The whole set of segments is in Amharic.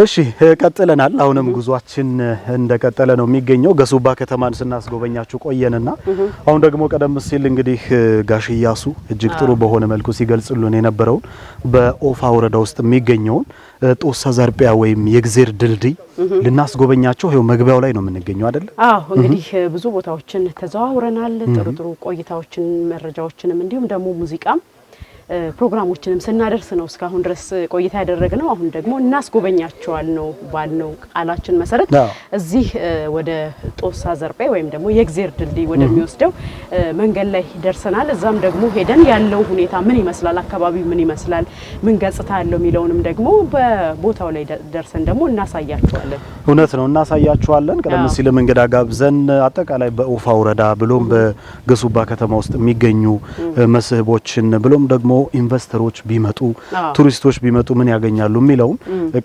እሺ ቀጥለናል። አሁንም ጉዟችን እንደቀጠለ ነው የሚገኘው። ገሱባ ከተማን ስናስጎበኛችሁ ቆየንና አሁን ደግሞ ቀደም ሲል እንግዲህ ጋሽ እያሱ እጅግ ጥሩ በሆነ መልኩ ሲገልጽልን የነበረውን በኦፋ ወረዳ ውስጥ የሚገኘውን ጦሰ ዘርጵያ ወይም የእግዜር ድልድይ ልናስጎበኛቸው ይኸው መግቢያው ላይ ነው የምንገኘው አይደል? አዎ እንግዲህ ብዙ ቦታዎችን ተዘዋውረናል። ጥሩ ጥሩ ቆይታዎችን፣ መረጃዎችንም እንዲሁም ደግሞ ሙዚቃም ፕሮግራሞችንም ስናደርስ ነው እስካሁን ድረስ ቆይታ ያደረግ ነው አሁን ደግሞ እናስጎበኛቸዋል ነው ባልነው ቃላችን መሰረት እዚህ ወደ ጦሳ ዘርጴ ወይም ደግሞ የእግዜር ድልድይ ወደሚወስደው መንገድ ላይ ደርሰናል። እዛም ደግሞ ሄደን ያለው ሁኔታ ምን ይመስላል፣ አካባቢው ምን ይመስላል፣ ምን ገጽታ ያለው የሚለውንም ደግሞ በቦታው ላይ ደርሰን ደግሞ እናሳያቸዋለን። እውነት ነው እናሳያቸዋለን። ቀደም ሲል መንገድ አጋብዘን አጠቃላይ በኡፋ ወረዳ ብሎም በገሱባ ከተማ ውስጥ የሚገኙ መስህቦችን ብሎም ደግሞ ደግሞ ኢንቨስተሮች ቢመጡ ቱሪስቶች ቢመጡ ምን ያገኛሉ የሚለውን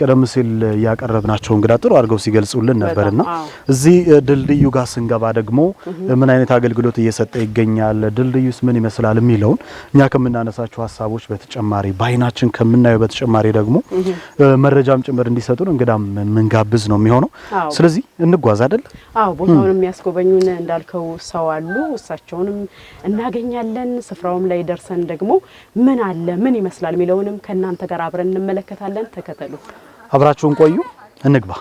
ቀደም ሲል ያቀረብናቸው እንግዳ ጥሩ አድርገው ሲገልጹልን ነበርና እዚህ ድልድዩ ጋር ስንገባ ደግሞ ምን አይነት አገልግሎት እየሰጠ ይገኛል፣ ድልድዩስ ምን ይመስላል የሚለውን እኛ ከምናነሳቸው ሀሳቦች በተጨማሪ በአይናችን ከምናየው በተጨማሪ ደግሞ መረጃም ጭምር እንዲሰጡን እንግዳም ምንጋብዝ ነው የሚሆነው። ስለዚህ እንጓዝ አይደል? አዎ፣ ቦታውን የሚያስጎበኙን እንዳልከው ሰው አሉ፣ እሳቸውንም እናገኛለን። ስፍራውም ላይ ደርሰን ደግሞ ምን አለ ምን ይመስላል የሚለውንም ከእናንተ ጋር አብረን እንመለከታለን። ተከተሉ፣ አብራችሁን ቆዩ፣ እንግባ።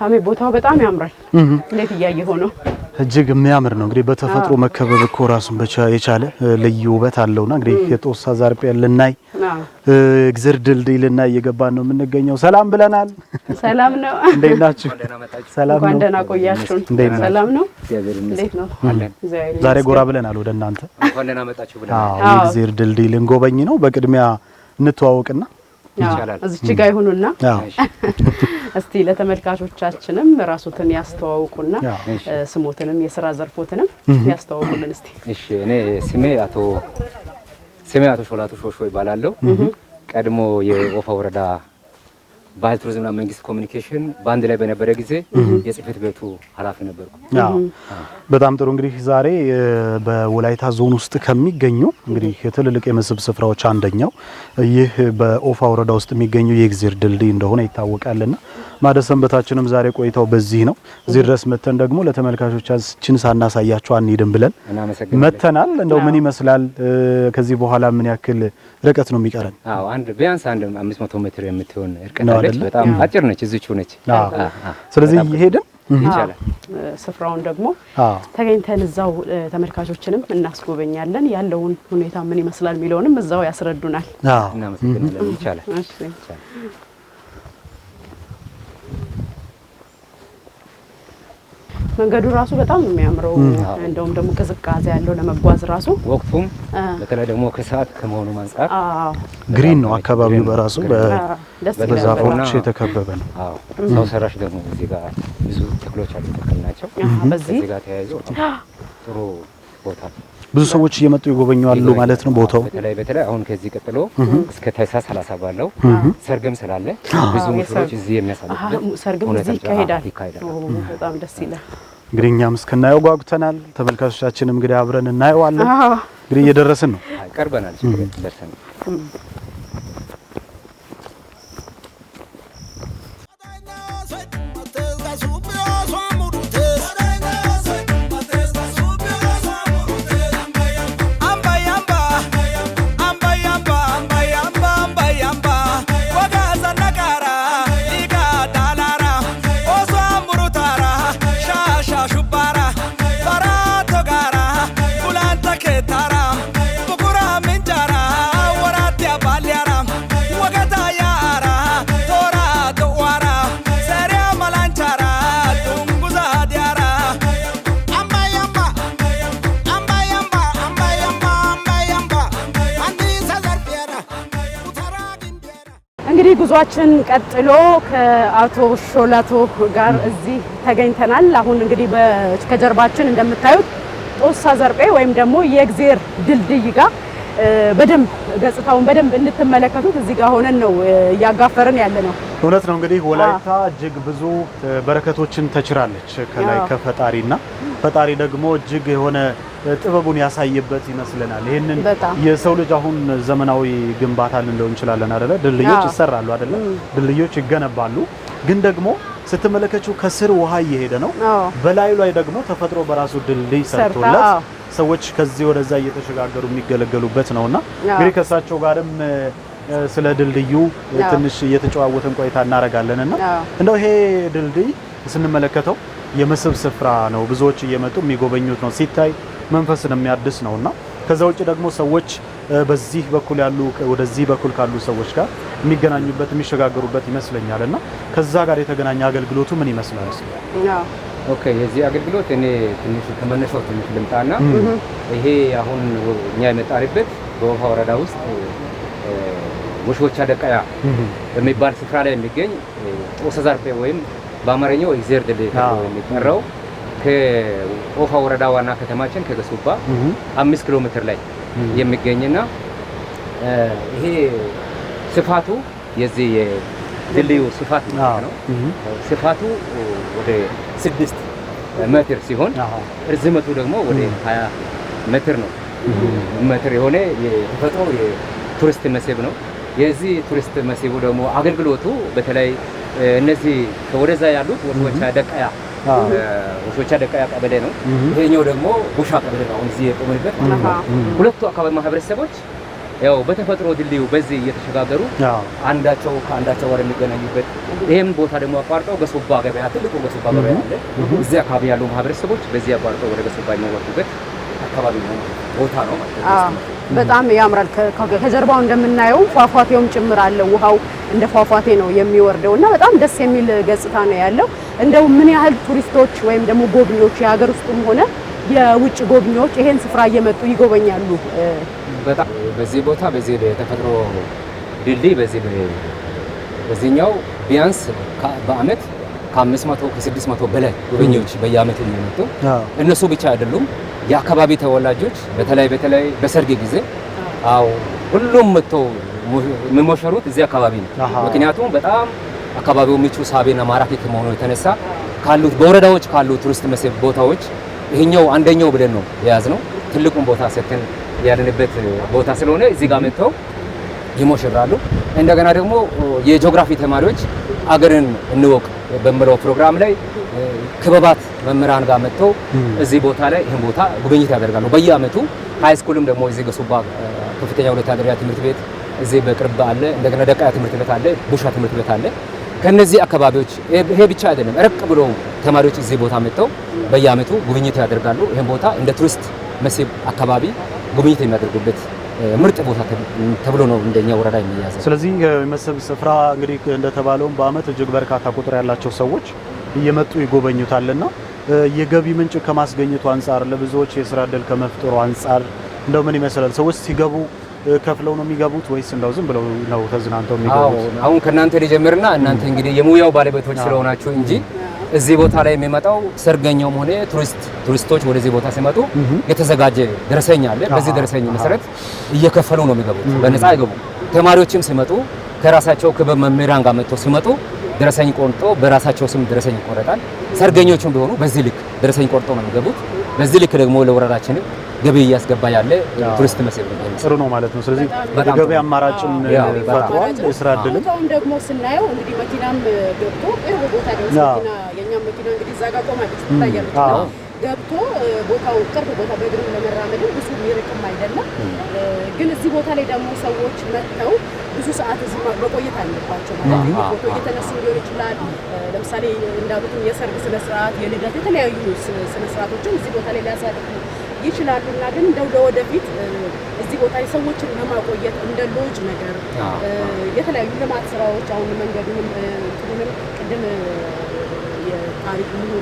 ታሜ ቦታው በጣም ያምራል። እንዴት እያየኸው ነው? እጅግ የሚያምር ነው። እንግዲህ በተፈጥሮ መከበብ እኮ ራሱን የቻለ ልዩ ውበት አለውና እንግዲህ የጦሳ ዛርጴ ልናይ እግዝር ድልድይ ልናይ እየገባን ነው የምንገኘው። ሰላም ብለናል። ሰላም ነው። እንዴት ናችሁ? ሰላም ነው። ደህና ቆያችሁ? ሰላም ነው። እንዴት ነው? ዛሬ ጎራ ብለናል ወደ እናንተ። አዎ እግዝር ድልድይ ልንጎበኝ ነው። በቅድሚያ እንተዋወቅና ይቻላል። እዚች ጋ ይሁኑና እስቲ ለተመልካቾቻችንም ራሱትን ያስተዋውቁና ስሞትንም የስራ ዘርፎትንም ያስተዋውቁልን እስቲ። እሺ፣ እኔ ስሜ አቶ ስሜ አቶ ሾላቱ ሾሾ ይባላለሁ። ቀድሞ የኦፋ ወረዳ ባህል ቱሪዝምና መንግስት ኮሚኒኬሽን በአንድ ላይ በነበረ ጊዜ የጽህፈት ቤቱ ኃላፊ ነበርኩ። በጣም ጥሩ። እንግዲህ ዛሬ በወላይታ ዞን ውስጥ ከሚገኙ እንግዲህ ትልልቅ የመስህብ ስፍራዎች አንደኛው ይህ በኦፋ ወረዳ ውስጥ የሚገኘው የእግዜር ድልድይ እንደሆነ ይታወቃልና ማደሰንበታችንም ዛሬ ቆይታው በዚህ ነው። እዚህ ድረስ መተን ደግሞ ለተመልካቾቻችን ሳናሳያቸው አንሄድም ብለን መተናል። እንደው ምን ይመስላል? ከዚህ በኋላ ምን ያክል ርቀት ነው የሚቀረን? አዎ አንድ ቢያንስ አንድ 500 ሜትር የምትሆን ርቀት አለች። በጣም አጭር ነች፣ እዚች ነች። ስለዚህ እየሄድን ስፍራውን ደግሞ ተገኝተን እዛው ተመልካቾችንም እናስጎበኛለን። ያለውን ሁኔታ ምን ይመስላል የሚለውንም እዛው ያስረዱናል። እናመሰግናለን። ይቻላል መንገዱ ራሱ በጣም ነው የሚያምረው። እንደውም ደግሞ ቅዝቃዜ ያለው ለመጓዝ ራሱ ወቅቱም በተለይ ደግሞ ከሰዓት ከመሆኑ አንጻር ግሪን ነው አካባቢው በራሱ በዛፎች የተከበበ ነው። ሰው ሰራሽ ደግሞ እዚህ ጋር ብዙ ተክሎች አሉ፣ ተክል ናቸው። በዚህ ጋር ተያይዞ ጥሩ ቦታ ነው። ብዙ ሰዎች እየመጡ ይጎበኛሉ ማለት ነው ቦታው። በተለይ በተለይ አሁን ከዚህ ቀጥሎ እስከ ታህሳስ 30 ባለው ሰርግም ስላለ ብዙ ሙሽሮች እዚህ የሚያሳልፉ ሰርግም እዚህ ይካሄዳል። በጣም ደስ ይላል። እንግዲህ እኛም እስክናየው ጓጉተናል። ተመልካቾቻችንም እንግዲህ አብረን እናየዋለን። እንግዲህ እየደረስን ነው፣ ቀርበናል። ጉዟችን ቀጥሎ ከአቶ ሾላቶ ጋር እዚህ ተገኝተናል። አሁን እንግዲህ ከጀርባችን እንደምታዩት ጦሳ ዘርጴ ወይም ደግሞ የእግዜር ድልድይ ጋር በደንብ ገጽታውን በደንብ እንድትመለከቱት እዚህ ጋር ሆነን ነው እያጋፈርን ያለ ነው። እውነት ነው። እንግዲህ ወላይታ እጅግ ብዙ በረከቶችን ተችራለች ከላይ እና ፈጣሪ ደግሞ እጅግ የሆነ ጥበቡን ያሳይበት ይመስለናል። ይህንን የሰው ልጅ አሁን ዘመናዊ ግንባታ ልንለው እንችላለን አደለ? ድልድዮች ይሰራሉ አደለ? ድልድዮች ይገነባሉ። ግን ደግሞ ስትመለከችው ከስር ውሃ እየሄደ ነው። በላዩ ላይ ደግሞ ተፈጥሮ በራሱ ድልድይ ሰርቶለት ሰዎች ከዚህ ወደዛ እየተሸጋገሩ የሚገለገሉበት ነውና እንግዲህ ከእሳቸው ጋርም ስለ ድልድዩ ትንሽ እየተጨዋወተን ቆይታ እናደርጋለን እና እንደው ይሄ ድልድይ ስንመለከተው የመስህብ ስፍራ ነው። ብዙዎች እየመጡ የሚጎበኙት ነው። ሲታይ መንፈስን የሚያድስ ነው እና ከዛ ውጭ ደግሞ ሰዎች በዚህ በኩል ያሉ ወደዚህ በኩል ካሉ ሰዎች ጋር የሚገናኙበት የሚሸጋገሩበት ይመስለኛል እና ከዛ ጋር የተገናኘ አገልግሎቱ ምን ይመስላል? ኦኬ የዚህ አገልግሎት እኔ ትንሽ ከመነሻው ትንሽ ልምጣና ይሄ አሁን እኛ የመጣሪበት በወፋ ወረዳ ውስጥ ወሾቻ ደቀያ በሚባል ስፍራ ላይ የሚገኝ ኦሰዛርፔ ወይም በአማርኛው ኤግዜር ድል የሚጠራው ከኦፋ ወረዳ ዋና ከተማችን ከገሱባ አምስት ኪሎ ሜትር ላይ የሚገኝና ይሄ ስፋቱ የዚህ ድልድዩ ስፋት ነው። ስፋቱ ወደ ስድስት ሜትር ሲሆን እርዝመቱ ደግሞ ወደ 20 ሜትር ነው። ሜትር የሆነ የተፈጥሮ የቱሪስት መስህብ ነው። የዚህ ቱሪስት መስህቡ ደግሞ አገልግሎቱ በተለይ እነዚህ ከወደዛ ያሉት ወሾቻ ደቀያ ወሾቻ ደቀያ ቀበሌ ነው። ይሄኛው ደግሞ ጉሻ ቀበሌ ነው። አሁን እዚህ የቆምንበት ሁለቱ አካባቢ ማህበረሰቦች ያው በተፈጥሮ ድልድዩ በዚህ እየተሸጋገሩ አንዳቸው ከአንዳቸው ጋር የሚገናኙበት ይህም ቦታ ደግሞ አቋርጠው በሶባ ገበያ ትልቁ በሶባ ገበያ አለ። እዚህ አካባቢ ያሉ ማህበረሰቦች በዚህ አቋርጠው ወደ በሶባ የሚወጡበት አካባቢ ነው ቦታ ነው በጣም ያምራል። ከጀርባው እንደምናየው ፏፏቴውም ጭምር አለ። ውሃው እንደ ፏፏቴ ነው የሚወርደው እና በጣም ደስ የሚል ገጽታ ነው ያለው። እንደው ምን ያህል ቱሪስቶች ወይም ደግሞ ጎብኚዎች የሀገር ውስጥም ሆነ የውጭ ጎብኚዎች ይሄን ስፍራ እየመጡ ይጎበኛሉ። በጣም በዚህ ቦታ በዚህ በተፈጥሮ ድልድይ በዚህ በዚህኛው ቢያንስ በአመት ከአምስት መቶ ከስድስት መቶ በላይ ጎብኚዎች በየአመቱ እየመጡ እነሱ ብቻ አይደሉም፣ የአካባቢ ተወላጆች በተለይ በተለይ በሰርግ ጊዜ አዎ ሁሉም መጥቶ የሚሞሸሩት እዚህ አካባቢ ነው። ምክንያቱም በጣም አካባቢው ምቹ ሳቢና ማራኪ ከመሆኑ የተነሳ ካሉት በወረዳዎች ካሉ ቱሪስት መስህብ ቦታዎች ይሄኛው አንደኛው ብለን ነው የያዝነው። ትልቁን ቦታ ሰተን ያለንበት ቦታ ስለሆነ እዚህ ጋር መጥተው ይሞሽራሉ። እንደገና ደግሞ የጂኦግራፊ ተማሪዎች አገርን እንወቅ በሚለው ፕሮግራም ላይ ክበባት መምህራን ጋር መጥተው እዚህ ቦታ ላይ ይህን ቦታ ጉብኝት ያደርጋሉ በየአመቱ። ሀይ ስኩልም ደግሞ እዚህ ገሱባ ከፍተኛ ሁለተኛ ደረጃ ትምህርት ቤት እዚህ በቅርብ አለ። እንደገና ደቃያ ትምህርት ቤት አለ፣ ቡሻ ትምህርት ቤት አለ። ከነዚህ አካባቢዎች ይሄ ብቻ አይደለም፣ ረቅ ብሎ ተማሪዎች እዚህ ቦታ መጥተው በየአመቱ ጉብኝት ያደርጋሉ። ይህም ቦታ እንደ ቱሪስት መስህብ አካባቢ ጉብኝት የሚያደርጉበት ምርጥ ቦታ ተብሎ ነው እንደኛ ወረዳ የሚያዘ። ስለዚህ የመስህብ ስፍራ እንግዲህ እንደተባለውም በአመት እጅግ በርካታ ቁጥር ያላቸው ሰዎች እየመጡ ይጎበኙታልና የገቢ ምንጭ ከማስገኘቱ አንጻር ለብዙዎች የስራ እድል ከመፍጠሩ አንጻር እንደው ምን ይመስላል ሰዎች ሲገቡ ከፍለው ነው የሚገቡት ወይስ እንደው ዝም ብለው ነው ተዝናንተው የሚገቡት? አሁን ከእናንተ ሊጀምርና እናንተ እንግዲህ የሙያው ባለቤቶች ስለሆናችሁ እንጂ እዚህ ቦታ ላይ የሚመጣው ሰርገኛውም ሆነ ቱሪስት ቱሪስቶች ወደዚህ ቦታ ሲመጡ የተዘጋጀ ደረሰኝ አለ። በዚህ ደረሰኝ መሰረት እየከፈሉ ነው የሚገቡት፣ በነፃ አይገቡም። ተማሪዎችም ሲመጡ ከራሳቸው ክበብ መምህራን ጋር መጥተው ሲመጡ ደረሰኝ ቆርጦ በራሳቸው ስም ደረሰኝ ይቆረጣል። ሰርገኞቹም ቢሆኑ በዚህ ልክ ደረሰኝ ቆርጦ ነው የሚገቡት። በዚህ ልክ ደግሞ ለወረዳችንም ገቢ እያስገባ ያለ ቱሪስት መስህብ ነው። ጥሩ ነው ማለት ነው። ስለዚህ ገቢ አማራጭም ፈጥሯል፣ የስራ እድልም አሁን ደግሞ ስናየው እንግዲህ መኪናም ገብቶ ቅርብ ቦታ ደረሰ። መኪና የኛም መኪና እንግዲህ እዛ ጋር ቆማለች ትታያለች። ገብቶ ቦታው ቅርብ ቦታ በእግርም ለመራመድ ብዙ የሚርቅም አይደለም። ግን እዚህ ቦታ ላይ ደግሞ ሰዎች መጥተው ብዙ ሰዓት እዚህ መቆየት አለባቸው ማለት ነው። ፎቶ እየተነሱ ሊሆን ይችላል። ለምሳሌ እንዳሉትም የሰርግ ስነስርዓት፣ የልደት የተለያዩ ስነስርዓቶችን እዚህ ቦታ ላይ ሊያሳልፉ ይችላሉ ይችላሉና ግን እንደው ለወደፊት እዚህ ቦታ የሰዎችን ለማቆየት እንደ ሎጅ ነገር የተለያዩ ልማት ስራዎች አሁን መንገዱንም ቅድም የታሪክ ምሁሩ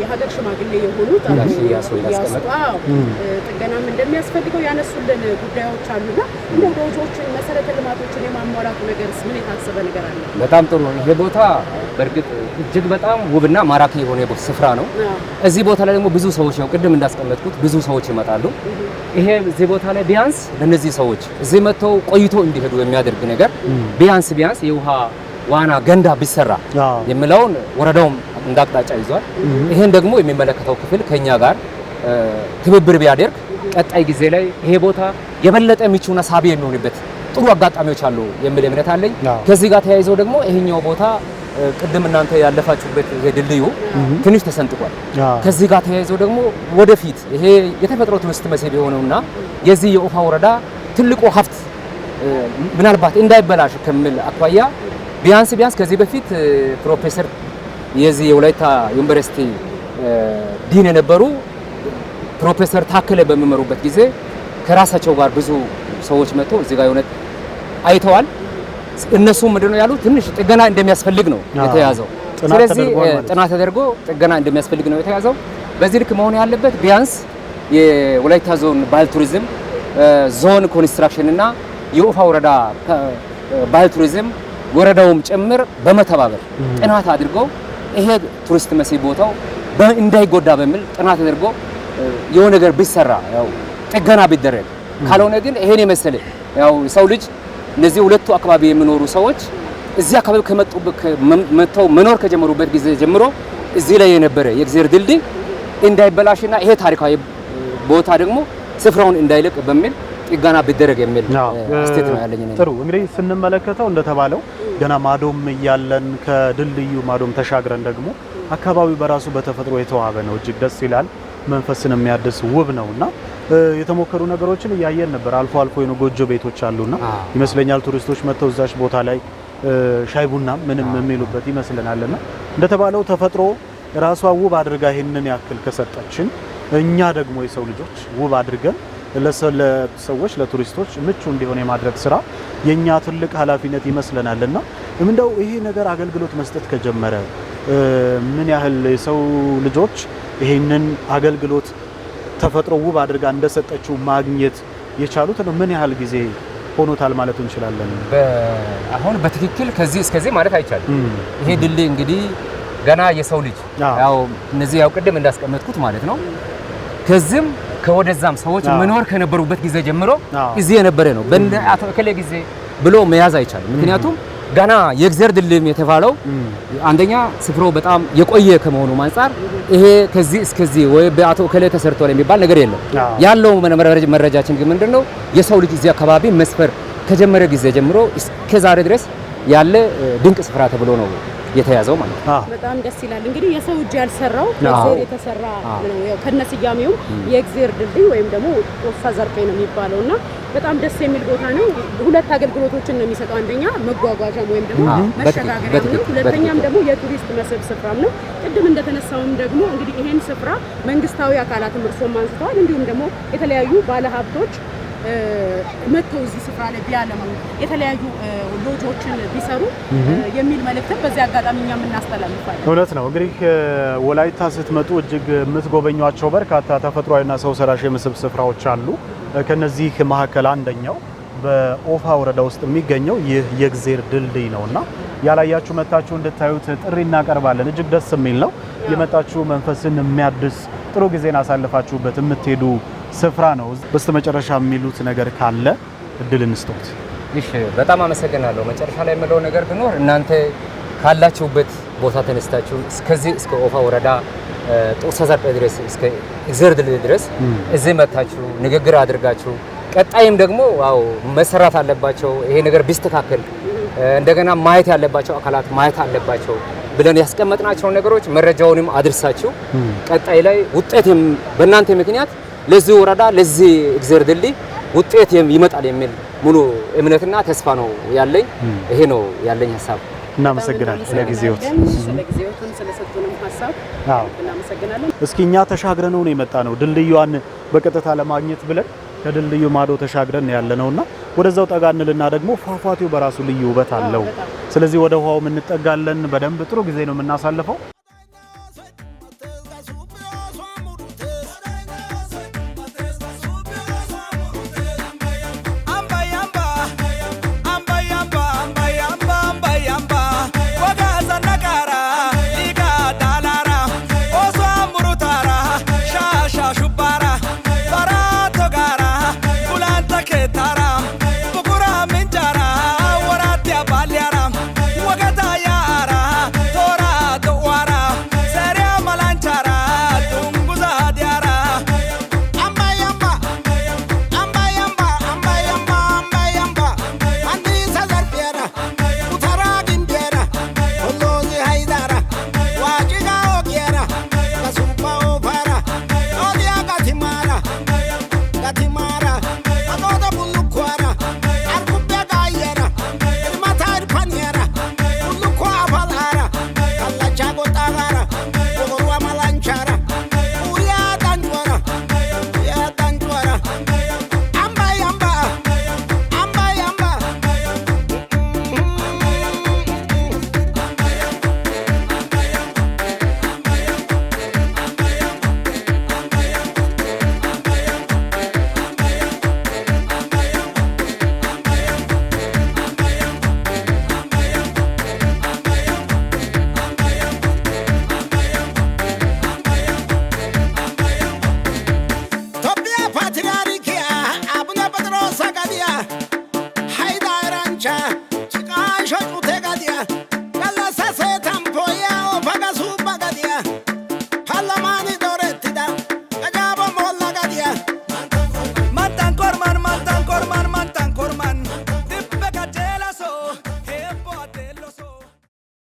የሀገር ሽማግሌ የሆኑት ጥገናም እንደሚያስፈልገው ያነሱልን ጉዳዮች አሉና እንደው መሰረተ ልማቶችን የማሟላቱ ነገር ምን የታሰበ ነገር አለ? በጣም ጥሩ። ይሄ ቦታ በእርግጥ እጅግ በጣም ውብና ማራኪ የሆነ ስፍራ ነው። እዚህ ቦታ ላይ ደግሞ ብዙ ሰዎች ነው ቅድም እንዳስቀመጥኩት ብዙ ሰዎች ይመጣሉ። ይሄ እዚህ ቦታ ላይ ቢያንስ ለነዚህ ሰዎች እዚህ መጥተው ቆይቶ እንዲሄዱ የሚያደርግ ነገር ቢያንስ ቢያንስ የውሃ ዋና ገንዳ ቢሰራ የሚለውን ወረዳውም እንደ አቅጣጫ ይዟል። ይሄን ደግሞ የሚመለከተው ክፍል ከኛ ጋር ትብብር ቢያደርግ ቀጣይ ጊዜ ላይ ይሄ ቦታ የበለጠ ምቹና ሳቢ የሚሆንበት ጥሩ አጋጣሚዎች አሉ የሚል እምነት አለኝ። ከዚህ ጋር ተያይዘው ደግሞ ይሄኛው ቦታ ቅድም እናንተ ያለፋችሁበት ይሄ ድልድዩ ትንሽ ተሰንጥቋል። ከዚህ ጋር ተያይዘው ደግሞ ወደፊት ይሄ የተፈጥሮ ቱሪስት መስህብ የሆነውና የዚህ የኡፋ ወረዳ ትልቁ ሀብት ምናልባት እንዳይበላሽ ከሚል አኳያ ቢያንስ ቢያንስ ከዚህ በፊት ፕሮፌሰር የዚህ የወላይታ ዩኒቨርሲቲ ዲን የነበሩ ፕሮፌሰር ታከለ በሚመሩበት ጊዜ ከራሳቸው ጋር ብዙ ሰዎች መጥቶ እዚህ ጋር የእውነት አይተዋል። እነሱ ምንድነው ያሉ ትንሽ ጥገና እንደሚያስፈልግ ነው የተያዘው። ስለዚህ ጥናት ተደርጎ ጥገና እንደሚያስፈልግ ነው የተያዘው። በዚህ ልክ መሆን ያለበት ቢያንስ የወላይታ ዞን ባህል ቱሪዝም ዞን ኮንስትራክሽን እና የኡፋ ወረዳ ባህል ቱሪዝም ወረዳውም ጭምር በመተባበር ጥናት አድርገው ይሄ ቱሪስት መስህብ ቦታው እንዳይጎዳ በሚል ጥናት ተደርጎ የሆነ ነገር ቢሰራ ያው ጥገና ቢደረግ፣ ካልሆነ ግን ይሄን የመሰለ ያው ሰው ልጅ እነዚህ ሁለቱ አካባቢ የሚኖሩ ሰዎች እዚህ አካባቢ መጥተው መኖር ከጀመሩበት ጊዜ ጀምሮ እዚህ ላይ የነበረ የእግዜር ድልድይ እንዳይበላሽና ይሄ ታሪካዊ ቦታ ደግሞ ስፍራውን እንዳይለቅ በሚል ጥገና ቢደረግ የሚል ስቴት ነው ያለኝ። ጥሩ እንግዲህ ስንመለከተው እንደተባለው ገና ማዶም እያለን ከድልድዩ ማዶም ተሻግረን ደግሞ አካባቢው በራሱ በተፈጥሮ የተዋበ ነው። እጅግ ደስ ይላል። መንፈስን የሚያድስ ውብ ነው እና የተሞከሩ ነገሮችን እያየን ነበር። አልፎ አልፎ የሆኑ ጎጆ ቤቶች አሉና ይመስለኛል ቱሪስቶች መጥተው እዛች ቦታ ላይ ሻይ ቡናም ምንም የሚሉበት ይመስለናልና እንደተባለው ተፈጥሮ ራሷ ውብ አድርጋ ይህንን ያክል ከሰጠችን እኛ ደግሞ የሰው ልጆች ውብ አድርገን ለሰዎች ለቱሪስቶች ምቹ እንዲሆን የማድረግ ስራ የኛ ትልቅ ኃላፊነት ይመስለናል እንደው ይሄ ነገር አገልግሎት መስጠት ከጀመረ ምን ያህል የሰው ልጆች ይሄንን አገልግሎት ተፈጥሮ ውብ አድርጋ እንደሰጠችው ማግኘት የቻሉት ነው ምን ያህል ጊዜ ሆኖታል ማለት እንችላለን? አሁን በትክክል ከዚህ እስከዚህ ማለት አይቻልም። ይሄ ድልድይ እንግዲህ ገና የሰው ልጅ ያው እነዚህ ያው ቅድም እንዳስቀመጥኩት ማለት ነው ከዚህም ከወደዛም ሰዎች መኖር ከነበሩበት ጊዜ ጀምሮ እዚህ የነበረ ነው። በአቶ እከሌ ጊዜ ብሎ መያዝ አይቻልም። ምክንያቱም ገና የእግዜር ድልም የተባለው አንደኛ ስፍራው በጣም የቆየ ከመሆኑ አንጻር ይሄ ከዚህ እስከዚህ ወይ በአቶ እከሌ ተሰርቷል የሚባል ነገር የለም። ያለው መረጃችን ግን ምንድነው የሰው ልጅ እዚህ አካባቢ መስፈር ከጀመረ ጊዜ ጀምሮ እስከዛሬ ድረስ ያለ ድንቅ ስፍራ ተብሎ ነው የተያዘው ማለት ነው። በጣም ደስ ይላል። እንግዲህ የሰው እጅ ያልሰራው እግዚአብሔር የተሰራ ነው። ከነስያሜውም የእግዚአብሔር ድልድይ ወይም ደግሞ ወፋ ዘርፌ ነው የሚባለው እና በጣም ደስ የሚል ቦታ ነው። ሁለት አገልግሎቶችን ነው የሚሰጠው። አንደኛ መጓጓዣ ወይም ደግሞ መሸጋገሪያ ነው። ሁለተኛም ደግሞ የቱሪስት መስህብ ስፍራም ነው። ቅድም እንደተነሳውም ደግሞ እንግዲህ ይሄን ስፍራ መንግስታዊ አካላትም እርሶም አንስተዋል፣ እንዲሁም ደግሞ የተለያዩ ባለሀብቶች መጥተው እዚህ ስፍራ ላይ ቢያለሙ የተለያዩ ሎጆችን ቢሰሩ የሚል መልእክትም በዚህ አጋጣሚ እኛ የምናስተላልፋለን። እውነት ነው። እንግዲህ ወላይታ ስትመጡ እጅግ የምትጎበኟቸው በርካታ ተፈጥሯዊና ሰው ሰራሽ የመስህብ ስፍራዎች አሉ። ከነዚህ መካከል አንደኛው በኦፋ ወረዳ ውስጥ የሚገኘው ይህ የእግዜር ድልድይ ነው እና ያላያችሁ መታችሁ እንድታዩት ጥሪ እናቀርባለን። እጅግ ደስ የሚል ነው። የመጣችሁ መንፈስን የሚያድስ ጥሩ ጊዜን አሳልፋችሁበት የምትሄዱ ስፍራ ነው። በስተመጨረሻ የሚሉት ነገር ካለ እድል እንስጠት። እሺ፣ በጣም አመሰግናለሁ። መጨረሻ ላይ የምለው ነገር ቢኖር እናንተ ካላችሁበት ቦታ ተነስታችሁ እስከዚህ እስከ ኦፋ ወረዳ ጦር ድረስ እስከ እግዘር ድል ድረስ እዚህ መታችሁ ንግግር አድርጋችሁ ቀጣይም ደግሞ ያው መሰራት አለባቸው ይሄ ነገር ቢስተካከል እንደገና ማየት ያለባቸው አካላት ማየት አለባቸው ብለን ያስቀመጥናቸውን ነገሮች መረጃውንም አድርሳችሁ ቀጣይ ላይ ውጤት በእናንተ ምክንያት ለዚህ ወረዳ ለዚህ እግዚአብሔር ድልድይ ውጤት ይመጣል የሚል ሙሉ እምነትና ተስፋ ነው ያለኝ። ይሄ ነው ያለኝ ሀሳብ። እናመሰግናለን ስለጊዜዎት ስለሰጡንም ሀሳብ እናመሰግናለን። እስኪ እኛ ተሻግረን ነው የመጣ ነው ድልድዩን በቀጥታ ለማግኘት ብለን ከድልድዩ ማዶ ተሻግረን ያለ ነውና ወደዛው ጠጋ እንልና ደግሞ ፏፏቴው በራሱ ልዩ ውበት አለው። ስለዚህ ወደ ውሃው እንጠጋለን። በደንብ ጥሩ ጊዜ ነው የምናሳልፈው።